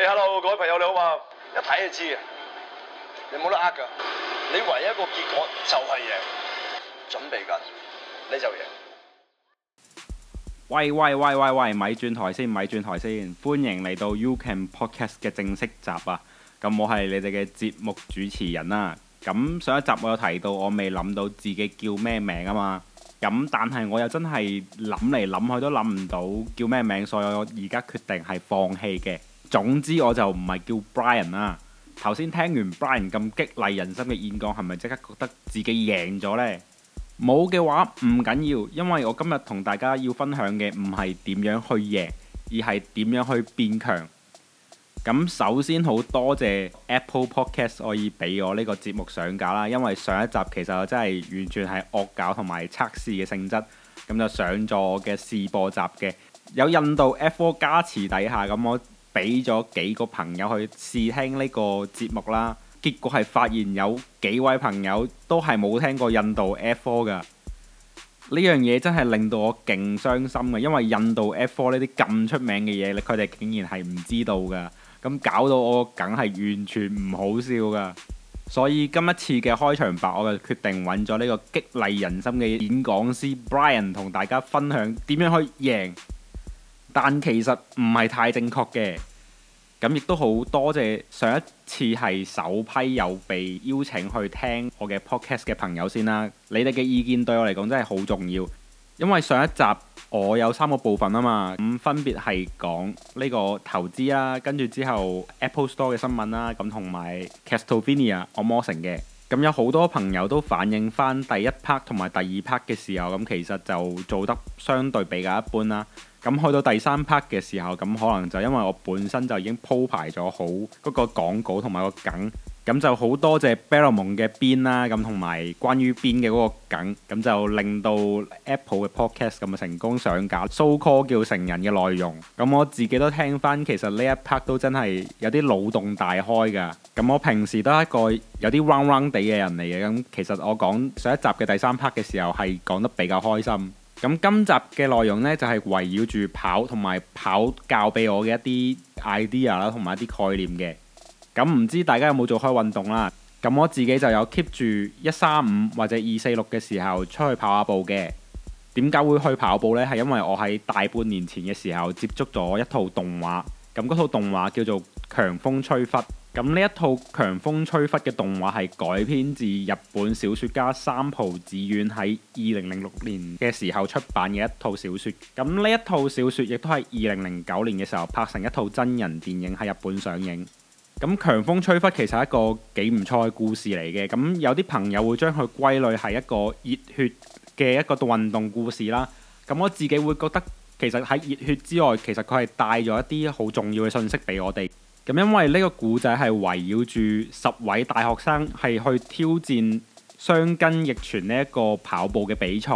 hey, hello, 各位朋友你好啊！一睇就知啊，你冇得呃噶，你唯一個結果就係贏，準備緊你就贏。喂喂喂喂喂，咪轉台先，咪轉台先，歡迎嚟到 You Can Podcast 嘅正式集啊！咁我係你哋嘅節目主持人啊！咁上一集我有提到，我未諗到自己叫咩名啊嘛。咁但係我又真係諗嚟諗去都諗唔到叫咩名，所以我而家決定係放棄嘅。總之我就唔係叫 Brian 啦。頭先聽完 Brian 咁激勵人心嘅演講，係咪即刻覺得自己贏咗呢？冇嘅話唔緊要，因為我今日同大家要分享嘅唔係點樣去贏，而係點樣去變強。咁首先好多謝 Apple Podcast 可以俾我呢個節目上架啦。因為上一集其實我真係完全係惡搞同埋測試嘅性質，咁就上咗我嘅試播集嘅。有印度 Apple 加持底下咁我，俾咗幾個朋友去試聽呢個節目啦，結果係發現有幾位朋友都係冇聽過印度 F4 㗎。呢樣嘢真係令到我勁傷心嘅，因為印度 F4 呢啲咁出名嘅嘢，佢哋竟然係唔知道㗎，咁搞到我梗係完全唔好笑噶。所以今一次嘅開場白，我就決定揾咗呢個激勵人心嘅演講師 Brian 同大家分享點樣去贏，但其實唔係太正確嘅。咁亦都好多謝上一次係首批有被邀請去聽我嘅 podcast 嘅朋友先啦，你哋嘅意見對我嚟講真係好重要，因為上一集我有三個部分啊嘛，咁分別係講呢個投資啦、啊，跟住之後 Apple Store 嘅新聞啦、啊，咁同埋 Castlevania、惡魔城嘅，咁有好多朋友都反映翻第一 part 同埋第二 part 嘅時候，咁其實就做得相對比較一般啦。咁去到第三 part 嘅時候，咁可能就因為我本身就已經鋪排咗好嗰個講稿同埋個梗，咁就好多謝 Belmon 嘅編啦，咁同埋關於編嘅嗰個梗，咁就令到 Apple 嘅 Podcast 咁成功上架。So call 叫「成人」嘅內容，咁我自己都聽翻，其實呢一 part 都真係有啲腦洞大開噶。咁我平時都係一個有啲嗡嗡地嘅人嚟嘅，咁其實我講上一集嘅第三 part 嘅時候，係講得比較開心。咁今集嘅內容呢，就係圍繞住跑同埋跑教俾我嘅一啲 idea 啦，同埋一啲概念嘅。咁唔知大家有冇做開運動啦？咁我自己就有 keep 住一三五或者二四六嘅時候出去跑下步嘅。點解會去跑步呢？係因為我喺大半年前嘅時候接觸咗一套動畫，咁嗰套動畫叫做《強風吹拂》。咁呢一套《強風吹拂》嘅動畫係改編自日本小說家三浦紫苑喺二零零六年嘅時候出版嘅一套小說。咁呢一套小說亦都係二零零九年嘅時候拍成一套真人電影喺日本上映。咁《強風吹拂》其實係一個幾唔錯嘅故事嚟嘅。咁有啲朋友會將佢歸類係一個熱血嘅一個運動故事啦。咁我自己會覺得其實喺熱血之外，其實佢係帶咗一啲好重要嘅信息俾我哋。咁因為呢個故仔係圍繞住十位大學生係去挑戰箱根驛傳呢一個跑步嘅比賽。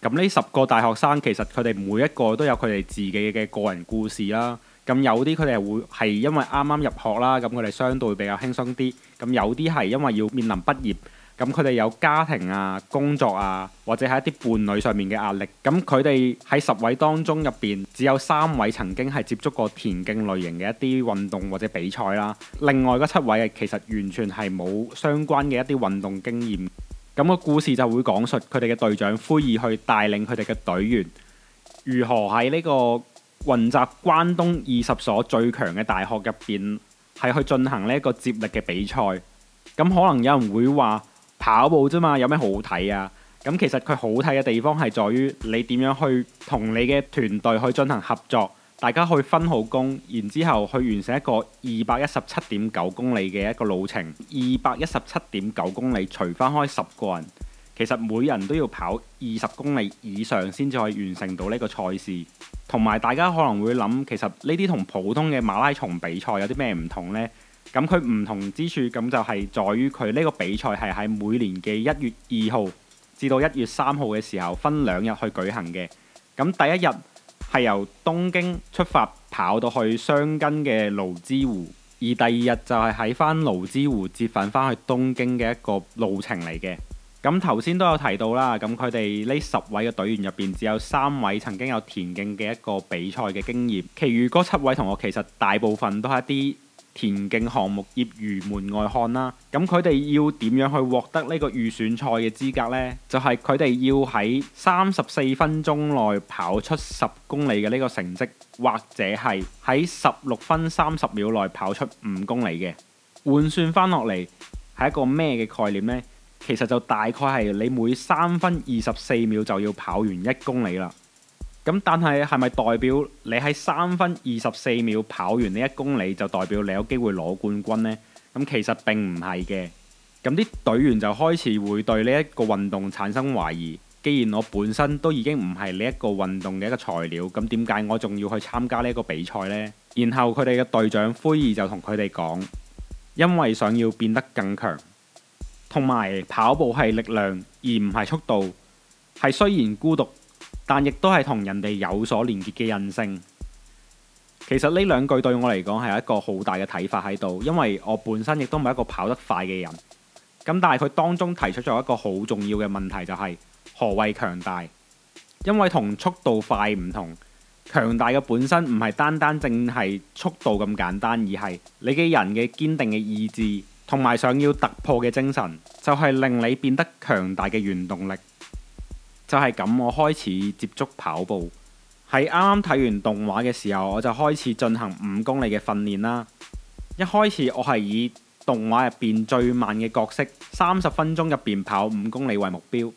咁呢十個大學生其實，佢哋每一個都有佢哋自己嘅個人故事啦。咁有啲佢哋會係因為啱啱入學啦，咁佢哋相對比較輕鬆啲。咁有啲係因為要面臨畢業。咁佢哋有家庭啊、工作啊，或者係一啲伴侶上面嘅壓力。咁佢哋喺十位當中入邊，只有三位曾經係接觸過田徑類型嘅一啲運動或者比賽啦。另外嗰七位其實完全係冇相關嘅一啲運動經驗。咁個故事就會講述佢哋嘅隊長灰二去帶領佢哋嘅隊員，如何喺呢個雲集關東二十所最強嘅大學入邊，係去進行呢一個接力嘅比賽。咁可能有人會話。跑步啫嘛，有咩好睇啊？咁其實佢好睇嘅地方係在於你點樣去同你嘅團隊去進行合作，大家去分好工，然之後去完成一個二百一十七點九公里嘅一個路程。二百一十七點九公里除返開十個人，其實每人都要跑二十公里以上先至可以完成到呢個賽事。同埋大家可能會諗，其實呢啲同普通嘅馬拉松比賽有啲咩唔同呢？咁佢唔同之處咁就係在於佢呢個比賽係喺每年嘅一月二號至到一月三號嘅時候分兩日去舉行嘅。咁第一日係由東京出發跑到去箱根嘅蘆之湖，而第二日就係喺翻蘆之湖接返翻去東京嘅一個路程嚟嘅。咁頭先都有提到啦，咁佢哋呢十位嘅隊員入邊只有三位曾經有田徑嘅一個比賽嘅經驗，其餘嗰七位同學其實大部分都係一啲田徑項目業餘門外漢啦，咁佢哋要點樣去獲得呢個預選賽嘅資格呢？就係佢哋要喺三十四分鐘內跑出十公里嘅呢個成績，或者係喺十六分三十秒內跑出五公里嘅。換算翻落嚟係一個咩嘅概念呢？其實就大概係你每三分二十四秒就要跑完一公里啦。咁但係係咪代表你喺三分二十四秒跑完呢一公里就代表你有機會攞冠軍呢？咁其實並唔係嘅。咁啲隊員就開始會對呢一個運動產生懷疑。既然我本身都已經唔係呢一個運動嘅一個材料，咁點解我仲要去參加呢一個比賽呢？然後佢哋嘅隊長灰兒就同佢哋講，因為想要變得更強，同埋跑步係力量而唔係速度，係雖然孤獨。但亦都係同人哋有所連結嘅韌性。其實呢兩句對我嚟講係一個好大嘅睇法喺度，因為我本身亦都唔係一個跑得快嘅人。咁但係佢當中提出咗一個好重要嘅問題，就係何謂強大？因為同速度快唔同，強大嘅本身唔係單單淨係速度咁簡單，而係你嘅人嘅堅定嘅意志，同埋想要突破嘅精神，就係、是、令你變得強大嘅原動力。就係咁，我開始接觸跑步。喺啱啱睇完動畫嘅時候，我就開始進行五公里嘅訓練啦。一開始我係以動畫入邊最慢嘅角色，三十分鐘入邊跑五公里為目標。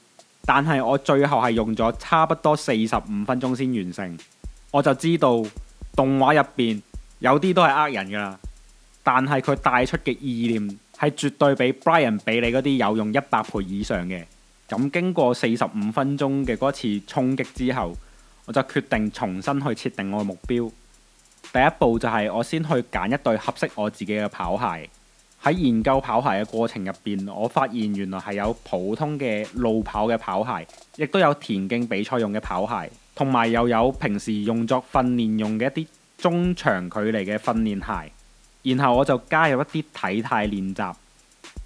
但係我最後係用咗差不多四十五分鐘先完成。我就知道動畫入邊有啲都係呃人噶啦，但係佢帶出嘅意念係絕對比 Brian 俾你嗰啲有用一百倍以上嘅。咁經過四十五分鐘嘅嗰次衝擊之後，我就決定重新去設定我嘅目標。第一步就係我先去揀一對合適我自己嘅跑鞋。喺研究跑鞋嘅過程入邊，我發現原來係有普通嘅路跑嘅跑鞋，亦都有田徑比賽用嘅跑鞋，同埋又有平時用作訓練用嘅一啲中長距離嘅訓練鞋。然後我就加入一啲體態練習。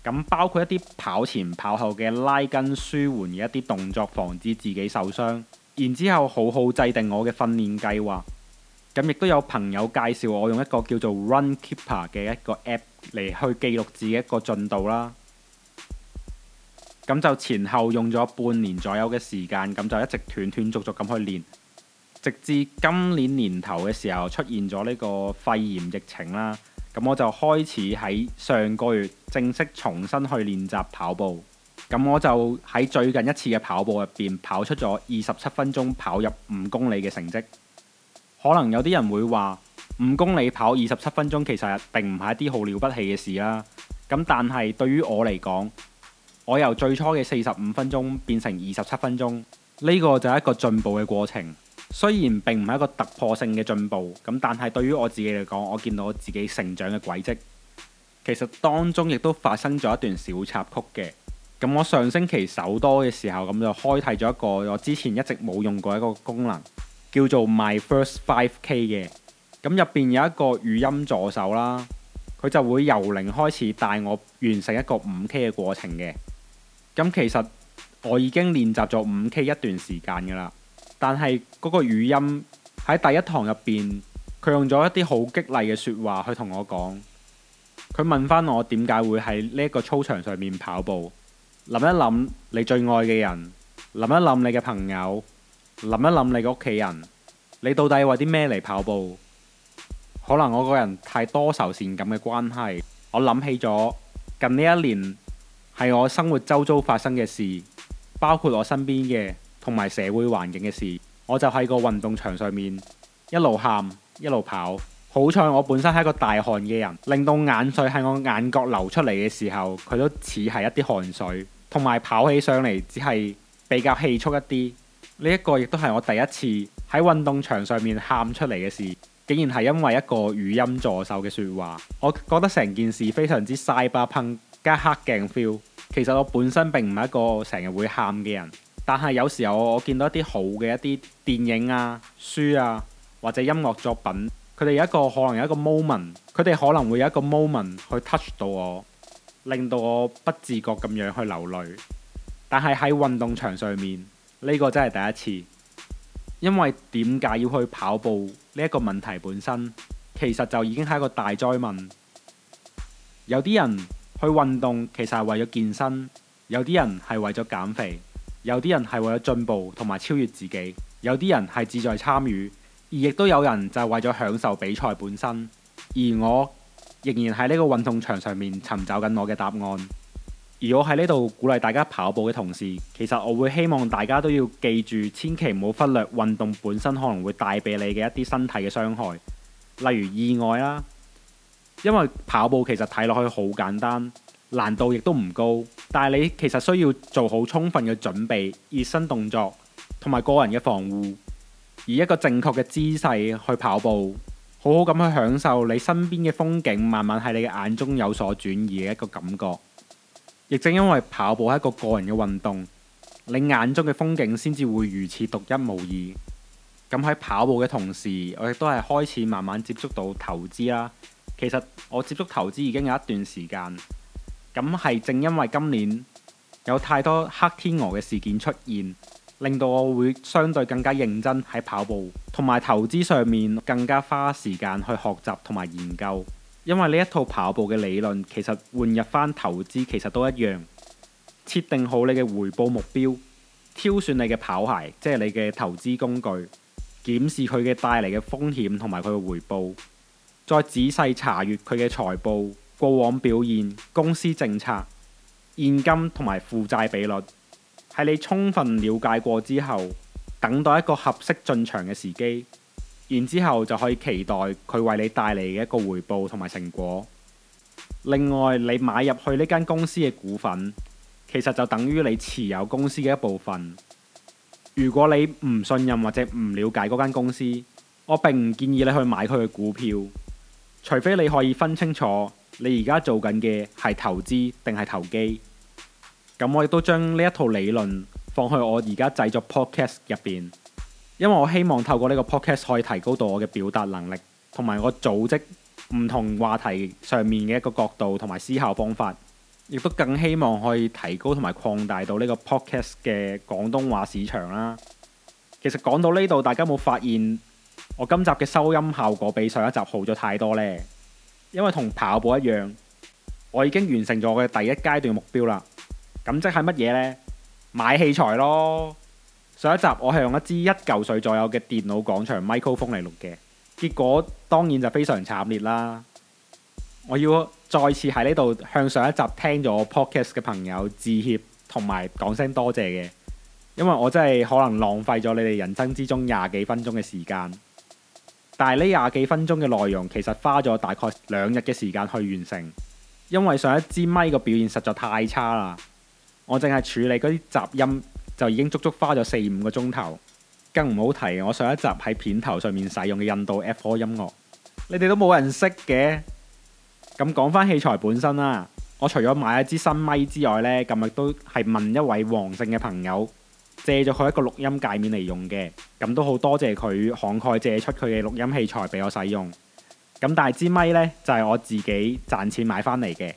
咁包括一啲跑前跑後嘅拉筋舒緩嘅一啲動作，防止自己受傷。然之後好好制定我嘅訓練計劃。咁亦都有朋友介紹我用一個叫做 Run Keeper 嘅一個 app 嚟去記錄自己一個進度啦。咁就前後用咗半年左右嘅時間，咁就一直斷斷續續咁去練，直至今年年頭嘅時候出現咗呢個肺炎疫情啦。咁我就開始喺上個月正式重新去練習跑步，咁我就喺最近一次嘅跑步入邊跑出咗二十七分鐘跑入五公里嘅成績。可能有啲人會話五公里跑二十七分鐘其實並唔係一啲好了不起嘅事啦。咁但係對於我嚟講，我由最初嘅四十五分鐘變成二十七分鐘，呢、這個就係一個進步嘅過程。雖然並唔係一個突破性嘅進步，咁但係對於我自己嚟講，我見到我自己成長嘅軌跡，其實當中亦都發生咗一段小插曲嘅。咁我上星期手多嘅時候，咁就開啟咗一個我之前一直冇用過一個功能，叫做 My First 5K 嘅。咁入邊有一個語音助手啦，佢就會由零開始帶我完成一個五 K 嘅過程嘅。咁其實我已經練習咗五 K 一段時間㗎啦。但係嗰個語音喺第一堂入邊，佢用咗一啲好激勵嘅說話去同我講。佢問翻我點解會喺呢一個操場上面跑步？諗一諗你最愛嘅人，諗一諗你嘅朋友，諗一諗你嘅屋企人，你到底為啲咩嚟跑步？可能我個人太多愁善感嘅關係，我諗起咗近呢一年係我生活周遭發生嘅事，包括我身邊嘅。同埋社會環境嘅事，我就喺個運動場上面一路喊一路跑，好彩我本身係一個大汗嘅人，令到眼水喺我眼角流出嚟嘅時候，佢都似係一啲汗水，同埋跑起上嚟只係比較氣促一啲。呢、這、一個亦都係我第一次喺運動場上面喊出嚟嘅事，竟然係因為一個語音助手嘅説話。我覺得成件事非常之 cyberpunk 加黑鏡 feel。其實我本身並唔係一個成日會喊嘅人。但係有時候我見到一啲好嘅一啲電影啊、書啊或者音樂作品，佢哋有一個可能有一個 moment，佢哋可能會有一個 moment 去 touch 到我，令到我不自覺咁樣去流淚。但係喺運動場上面呢個真係第一次，因為點解要去跑步呢一個問題本身其實就已經係一個大哉問。有啲人去運動其實係為咗健身，有啲人係為咗減肥。有啲人係為咗進步同埋超越自己，有啲人係志在參與，而亦都有人就係為咗享受比賽本身。而我仍然喺呢個運動場上面尋找緊我嘅答案。而我喺呢度鼓勵大家跑步嘅同時，其實我會希望大家都要記住，千祈唔好忽略運動本身可能會帶俾你嘅一啲身體嘅傷害，例如意外啦。因為跑步其實睇落去好簡單。難度亦都唔高，但係你其實需要做好充分嘅準備、熱身動作同埋個人嘅防護，以一個正確嘅姿勢去跑步，好好咁去享受你身邊嘅風景，慢慢喺你嘅眼中有所轉移嘅一個感覺。亦正因為跑步係一個個人嘅運動，你眼中嘅風景先至會如此獨一無二。咁喺跑步嘅同時，我亦都係開始慢慢接觸到投資啦。其實我接觸投資已經有一段時間。咁係正因為今年有太多黑天鵝嘅事件出現，令到我會相對更加認真喺跑步同埋投資上面，更加花時間去學習同埋研究。因為呢一套跑步嘅理論，其實換入返投資其實都一樣。設定好你嘅回報目標，挑選你嘅跑鞋，即係你嘅投資工具，檢視佢嘅帶嚟嘅風險同埋佢嘅回報，再仔細查閱佢嘅財報。過往表現、公司政策、現金同埋負債比率，喺你充分了解過之後，等待一個合適進場嘅時機，然之後就可以期待佢為你帶嚟嘅一個回報同埋成果。另外，你買入去呢間公司嘅股份，其實就等於你持有公司嘅一部分。如果你唔信任或者唔了解嗰間公司，我並唔建議你去買佢嘅股票，除非你可以分清楚。你而家做緊嘅係投資定係投機？咁我亦都將呢一套理論放去我而家製作 podcast 入邊，因為我希望透過呢個 podcast 可以提高到我嘅表達能力，同埋我組織唔同話題上面嘅一個角度同埋思考方法，亦都更希望可以提高同埋擴大到呢個 podcast 嘅廣東話市場啦。其實講到呢度，大家有冇發現我今集嘅收音效果比上一集好咗太多呢？因為同跑步一樣，我已經完成咗我嘅第一階段目標啦。咁即係乜嘢呢？買器材咯。上一集我係用一支一嚿水左右嘅電腦廣場 microphone 嚟錄嘅，結果當然就非常慘烈啦。我要再次喺呢度向上一集聽咗 podcast 嘅朋友致歉，同埋講聲多謝嘅，因為我真係可能浪費咗你哋人生之中廿幾分鐘嘅時間。但係呢廿幾分鐘嘅內容，其實花咗大概兩日嘅時間去完成，因為上一支咪個表現實在太差啦。我淨係處理嗰啲雜音，就已經足足花咗四五個鐘頭，更唔好提我上一集喺片頭上面使用嘅印度 F4 音樂，你哋都冇人識嘅。咁講返器材本身啦，我除咗買了一支新咪之外呢，今日都係問一位王姓嘅朋友。借咗佢一個錄音界面嚟用嘅，咁都好多謝佢慷慨借出佢嘅錄音器材俾我使用。咁但係支咪呢，就係我自己賺錢買翻嚟嘅。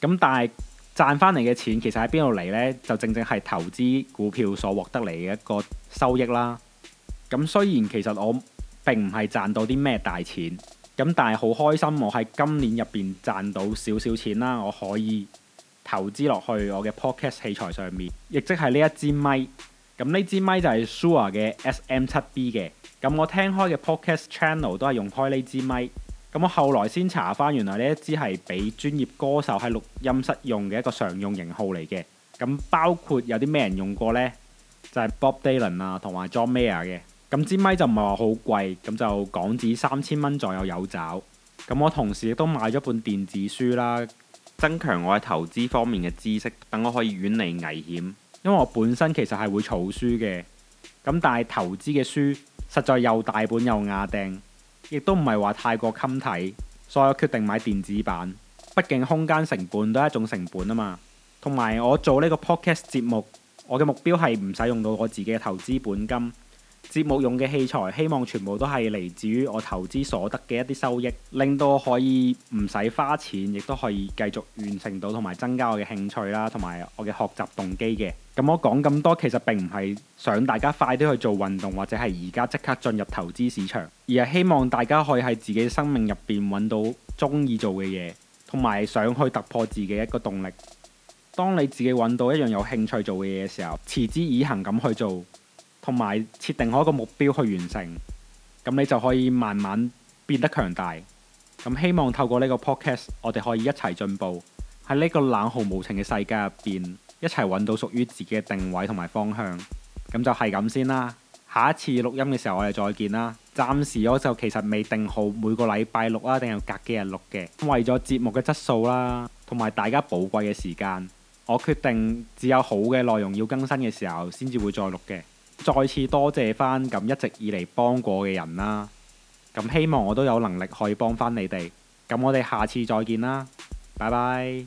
咁但係賺翻嚟嘅錢其實喺邊度嚟呢？就正正係投資股票所獲得嚟嘅一個收益啦。咁雖然其實我並唔係賺到啲咩大錢，咁但係好開心我喺今年入邊賺到少少錢啦。我可以。投資落去我嘅 podcast 器材上面，亦即係呢一支咪。咁呢支咪就係 Shure 嘅 SM7B 嘅。咁我聽開嘅 podcast channel 都係用開呢支咪。咁我後來先查返，原來呢一支係俾專業歌手喺錄音室用嘅一個常用型號嚟嘅。咁包括有啲咩人用過呢？就係、是、Bob Dylan 啊、er，同埋 John Mayer 嘅。咁支咪就唔係話好貴，咁就港紙三千蚊左右有找。咁我同時亦都買咗本電子書啦。增強我喺投資方面嘅知識，等我可以遠離危險。因為我本身其實係會儲書嘅，咁但係投資嘅書實在又大本又亞釘，亦都唔係話太過襟睇，所以我決定買電子版。畢竟空間成本都係一種成本啊嘛，同埋我做呢個 Podcast 節目，我嘅目標係唔使用到我自己嘅投資本金。節目用嘅器材，希望全部都係嚟自於我投資所得嘅一啲收益，令到我可以唔使花錢，亦都可以繼續完成到同埋增加我嘅興趣啦，同埋我嘅學習動機嘅。咁我講咁多，其實並唔係想大家快啲去做運動或者係而家即刻進入投資市場，而係希望大家可以喺自己生命入邊揾到鍾意做嘅嘢，同埋想去突破自己一個動力。當你自己揾到一樣有興趣做嘅嘢嘅時候，持之以恒咁去做。同埋設定好一個目標去完成，咁你就可以慢慢變得強大。咁希望透過呢個 podcast，我哋可以一齊進步，喺呢個冷酷無情嘅世界入邊，一齊揾到屬於自己嘅定位同埋方向。咁就係咁先啦。下一次錄音嘅時候，我哋再見啦。暫時我就其實未定好每個禮拜錄啊，定係隔幾日錄嘅。為咗節目嘅質素啦、啊，同埋大家寶貴嘅時間，我決定只有好嘅內容要更新嘅時候，先至會再錄嘅。再次多謝翻咁一直以嚟幫過嘅人啦，咁希望我都有能力可以幫翻你哋，咁我哋下次再見啦，拜拜。